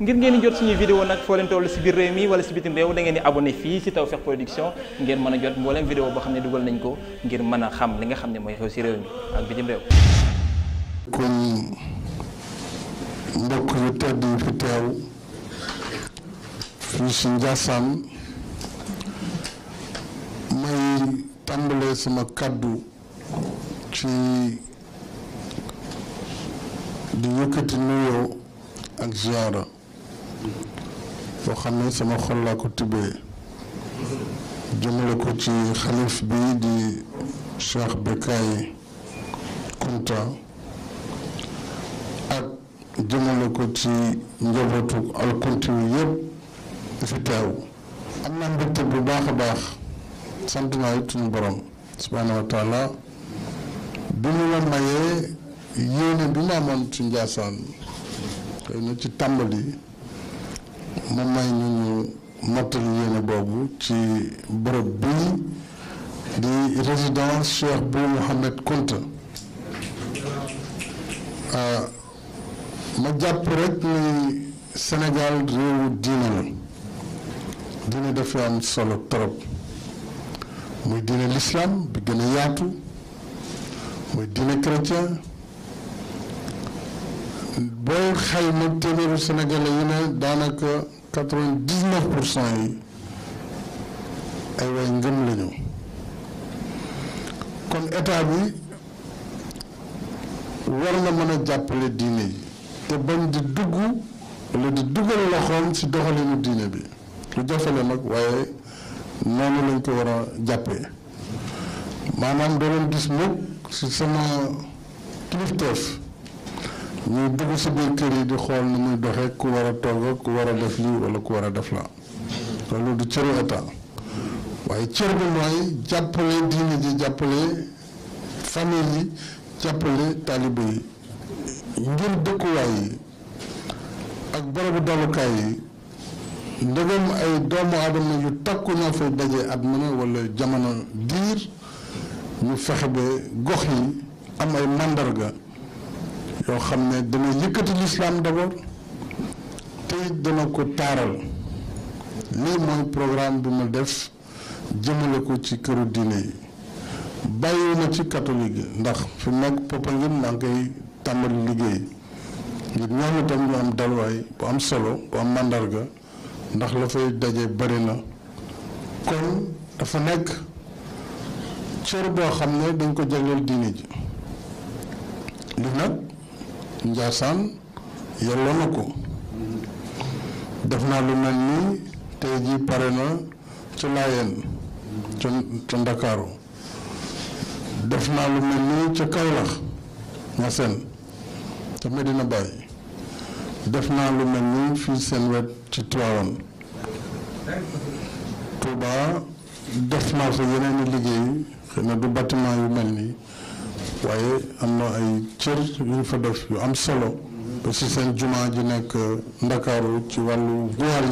ngir ngeen jot suñuy vidéo nag foo leen toll si biir réew mi wala si bitim réew da ngeen di abonné fii si Tawfekh Production ngeen mën a jot mbooleem vidéo boo xam ne dugal nañ ko ngir mën a xam li nga xam ne mooy xew si réew mbokk yu tedd yi fi teew fii si Ndiassane may tàmbalee sama kàddu ci di yëkkati nuyoo ak ziara boo xam ne sama xol laa ko tibbee jëmale ko ci xalif bi di Cheikh Bekay Kunta ak jëmale ko ci njabootu alkunti wi yëpp dafi teew am naa mbégte bu baax a baax sant naa it suñu borom subhaanahu wa taala bi mu la mayee yéene bi ma ci njaasaan xëy na ci tàmbali mu may ñu mottal yéene boobu ci bërëb bii di résidence Cheikh Bou Mouhamed Kounta ah, ma jàpp rek ni Sénégal réewu diine la diine dafa am solo trop muy diine l'islam bi gën a yaatu muy diine chrétien booy xayma téeméeru sénégalais yi ne daanaka quatre vingt dix yi ay way ngëm la kon état bi war na mën a jàppale diine yi te bañ di dugg wala di dugal loxoom ci doxalinu diine bi lu jafale nag waaye noonu lañ ko war a jàppee maanaam doo gis mukk ci sama kilifteef ñuy dugg si biir kër yi di xool nu muy doxee ku war a togg ku war a def lii wala ku war a def la loolu du cëru état waaye cër bi mooy jàppale diine ji jàppale famille yi jàppale taalibe yi ngir dëkkuwaay yi ak barabu dalukaay yi ndegam ay doomu aadama yu takku ñoo fay daje at mu ne wala jamono diir ñu fexe ba gox yi am ay màndarga yoo xam ne dana yëkkati lislaam d'abord te dana ko taaral lii mooy programme bi ma def jëmale ko ci këru diine yi bàyyiwu ma ci katolik yi ndax fi nekk Popenguine maa ngi koy tàmbali liggéey ngir ñoom itam ñu am dalwaay bu am solo bu am màndarga ndax la fay daje bari na kon dafa nekk cër boo xam ne dañ ko jagleel diine ji li nag Njaasaan yelloo na ko def naa lu mel nii tey jii pare na ci Laayeen ci Ndakaaru def naa lu mel nii ca Kaolack nga seen ca Medina Baye def naa lu mel nii fii seen wet ci Tiwaawan Touba def naa fa yeneen liggéey xëy du bâtiment yu mel nii waaye am na ay cër yu ñu fa def yu am solo ba si seen jumaa ji nekk ndakaaru ci wàllu guwaar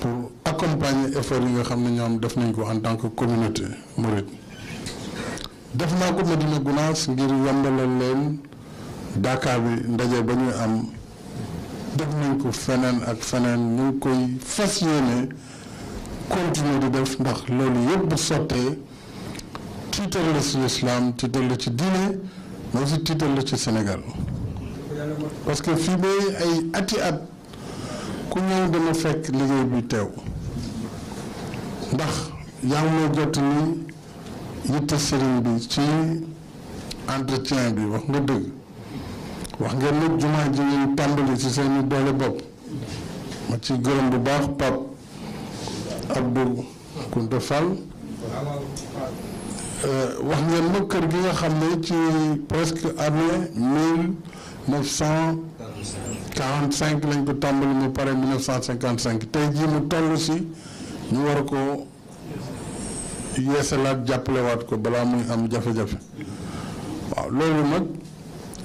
pour accompagner effort yi nga xam ne ñoom def nañ ko en tant que communauté mouride def naa ko Medina Gunaas ngir yombalal leen Dakar bi ndaje ba ñuy am def nañ ko feneen ak feneen ñu ngi koy fas yéene continuer di def ndax loolu yëpp sottee tiital la ci islam tiital la ci diine mais aussi tiital la ci Sénégal parce que fii bay ay ati at ku ñëw dama fekk liggéey bi teew ndax yaa ngi may jot ni yitte sëriñ bi ci entretien bi wax nga dëgg wax ngeen nag jumaa ji ngeen tàmbali ci seeni doole bopp ma ci gërëm bu baax Pape Abdou Kounta Euh, wax ngeen ma kër gi nga xam ne ci presque année mille neuf cent quarante cinq lañ ko tàmbali mu pare mille neuf cent cinquante cinq tey jii mu toll si ñu war ko yeesalaat jàppalewaat ko balaa muy am jafe-jafe waaw loolu nag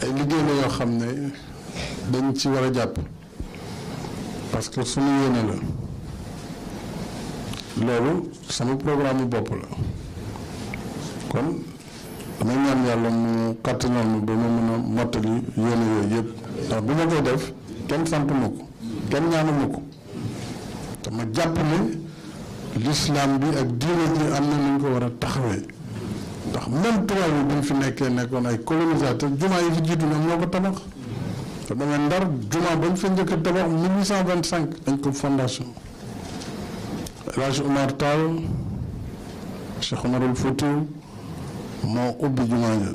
ay liggéey la yoo xam ne dañ ci war a jàpp parce que suñu yéene la loolu sama programme bopp la kon damay ñaan yàlla mu kàttanal ma ba ma mën a mottali yéene yooyu yëpp ndax bu ma koy def kenn sant ma ko kenn ñaanu ma ko te ma jàpp ne lislaam bi ak diine ji am na nu ñu ko war a taxawee ndax même tubaab yi bu ñu fi nekkee nekkoon ay colonisateur jumaa yi fi jiitu ñoom ñoo ko tabax te damay ndar jumaa ba ñu fa njëkk a tabax 1825 dañ ko fondation El Hadj Omar Tall Cheikh Omarul moo ubbi jumaa ji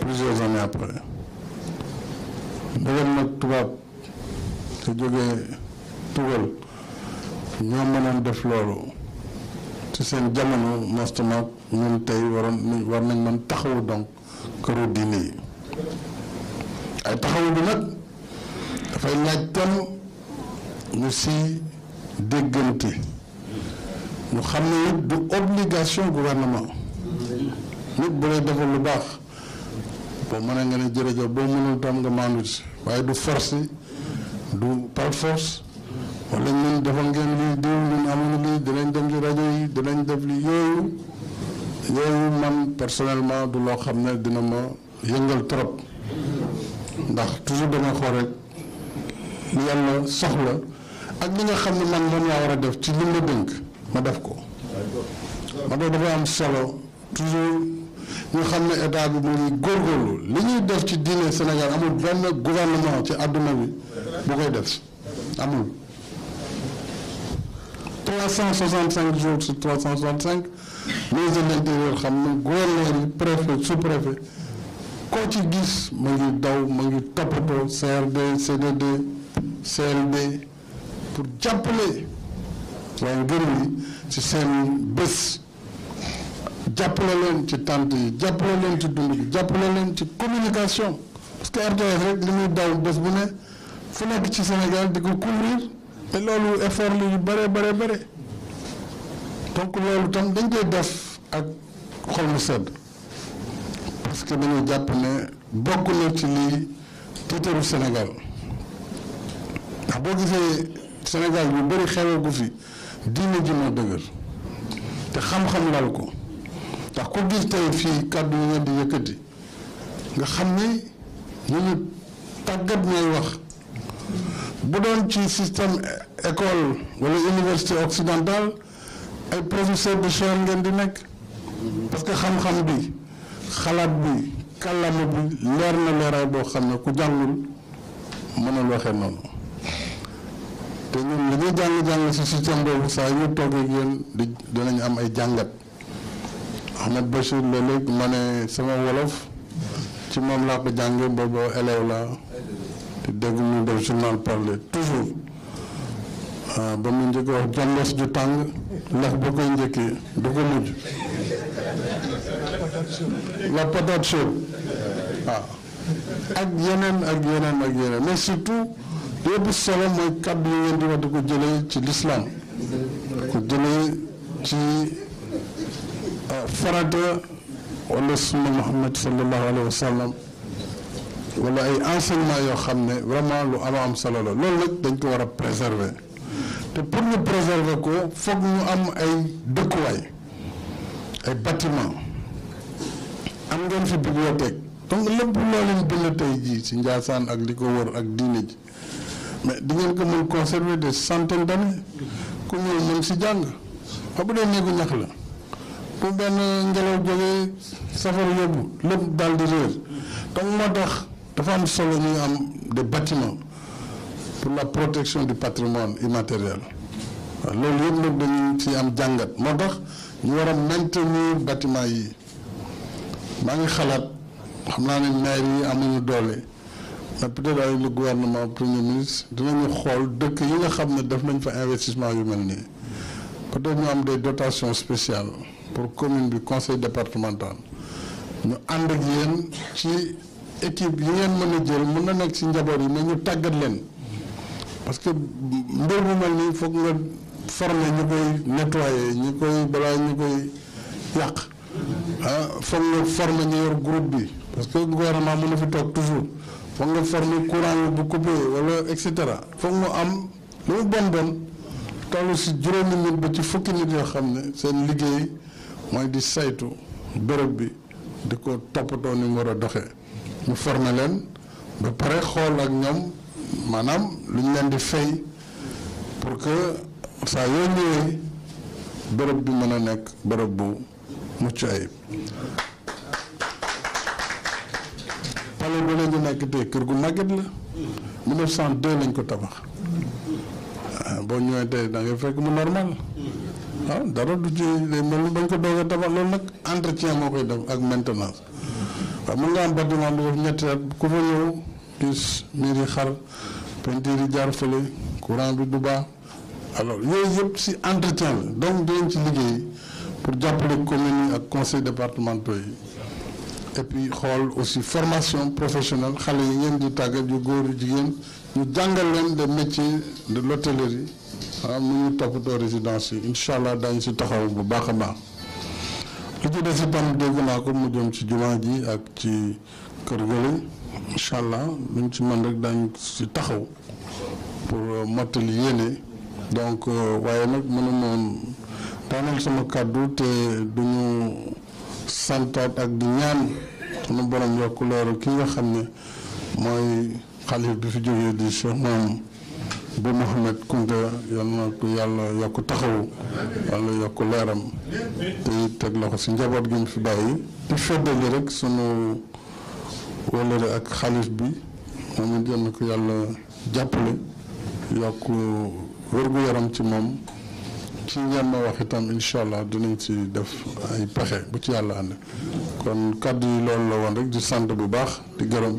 plusieurs années après ndegam nag tubaab te jógee tugal ñoo mënoon def loolu ci seen jamono mastamaak ñun tey war nañ mën taxawu donc këru diine yi ay taxawu bi nag dafay laaj ñu si déggante ñu xam ne it du obligation gouvernement nit bu lay defal lu baax boo a nga ne jërëjëf boo mënul tam nga maandu ci waaye du force du par force wala ñun defal ngeen lii diw ñun amuñu lii dinañ dem ci rajo yi dinañ def lii yooyu yooyu man personnellement du loo xam ne dina ma yëngal trop ndax toujours dama xool rek lu yàlla soxla ak li nga xam ne man moom laa war a def ci li ma dënk ma def ko ma doo dafa am solo ñu xam ne état bi mu ngi góorgóorlu li ñuy def ci diine Sénégal amul benn gouvernement ci àdduna bi bu koy def amul. 365 jours sur 365 ministre de l'intérieur xam ne gouverneur yi préfet sous-préfet koo ci gis ma ngi daw ma ngi toppatoo CRD CDD CLD pour jàppale waa ngërëm yi ci seen bés. jàppale leen ci tànt yi jàppale leen ci dund bi la leen ci communication parce que rek li muy daw bés bu ne fu nekk ci Sénégal di ko couvrir te loolu effort lu yu bare bare bare donc loolu tam dañ koy def ak xol mu sedd parce que dañu jàpp ne bokk na ci lii tiitaru Sénégal ndax boo gisee Sénégal yu bëri xewe gu fi diine ji moo dëgër te xam-xam lal ko ndax ku gis tey fii kàddu yi ngeen di yëkkati nga xam ni ñu ñu tàggat ñooy wax bu doon ci système école wala université occidentale ay professeur de chaire ngeen di nekk parce que xam-xam bi xalaat bi kàllaama bi leer na leeraay boo xam ne ku jàngul mënul waxee noonu te ñun li ñuy jàng-jàng si système boobu saa ñu toog ak yéen di dinañu am ay jàngat Ahmed Bachir Lelek ma ne sama wolof ci moom laa ko jàngee boobu élève la te dégg ñu def journal parler toujours waaw ah, ba mu njëkk wax jambos ju tàng lex bu koy njëkkee du ko mujj la patate chaude ah. ak yeneen ak yeneen ak yeneen mais surtout lépp solo mooy kàddu yi ngeen wax di ko jëlee ci lislaam ko jëlee ci farata wala sunna Muhammad sallallahu alayhi wa sallam wala ay enseignement yoo xam ne vraiment lu am am solo la loolu nag dañ ko war a préserver te pour ñu préserver ko foog ñu am ay dëkkuwaay ay bâtiment am ngeen fi bibliothèque donc lépp loo leen bind tey jii ci Njaasaan ak li ko wër ak diine ji mais di ko mën conserver des centaines d'années ku ñëw mën si jàng xam bu dee néegu ñax la fu benn ngelaw jógee safara yóbbu lépp daal di réer donc moo tax dafa am solo ñu am de bâtiments pour la protection du patrimoine immatériel waaw loolu yëpp nag dañu ci am jàngat moo tax ñu war a maintenir yi maa ngi xalaat xam naa ne maire yi amuñu doole mais peut-être avec gouvernement premier ministre dinañu xool dëkk yi nga xam ne def nañ fa investissement yu mel nii peut-être ñu am des dotations spéciales pour commune bi conseil départemental ñu ànd ak yéen ci équipe yi ngeen mën na jël mën na nekk ci njaboot yi mais ñu tàggat leen parce que mbir mu mel nii foog nga former ñu koy nettoyer ñu koy balaa ñu koy yàq ah foog nga former ñu yor groupe bi parce que gouvernement mën na fi toog toujours foog nga former courant bu coupé wala et cetera foog mu am lu mu bon bon. toll si juróomi nit ba ci fukki nit yoo xam ne seen liggéey mooy di saytu bërëb bi di ko toppatoo ni mu war a doxee ñu former leen ba pare xool ak ñoom maanaam lu ñu leen di fay pour que saa yoo ñëwee bërëb bi mën a nekk bërëb bu mucc ayib pale ba la nekk tey kër gu màgget la 1902 lañ ko tabax boo ñëwee tey da ngay fekk mu normal waaw ah, dara du ci day mel ni bañ ko doog a tabax loolu nag entretien moo koy def ak maintenance waaw mën nga am bâtiment bu def ñetti at ku fa ñëw gis miir yi xar peinture yi jaar fële courant bi du baax alors yooyu yëpp si entretien la donc dinañ ci liggéey pour jàppale communes yi ak conseil départementaux yi et puis xool aussi formation professionnelle xale yi ngeen di tàggat yu góor yu jigéen ñu jàngal leen le métier de l'hôtellerie ah, mu nu ñu toppatoo résidence yi incha allah daañu si taxaw bu baax a baax li ci des dégg naa ko mu jëm ci jumaa ji ak ci kër gële incha allah luñ ci mën rek daañu si taxaw pour euh, mottali yéene donc euh, waaye nag mënu moom daaneel sama kàddu te duñu santaat ak di ñaan sunu borom yokk leeru ki nga xam ne mooy xalif bi fi jógee di Cheikh moom bu Mouhamed Kounta yal na ko yàlla yokk taxawu yàlla yokk leeram te teg loxo si njaboot gi mu fi bàyyi di feddali rek sunu wëllëre ak xalif bi moom yàlla jàppale yokk wér-gu-yaram ci moom ci ngeen ma wax itam incha allah dinañ ci def ay pexe bu ci yàlla ànd kon kàddu yi loolu la woon rek di sant bu baax di gërëm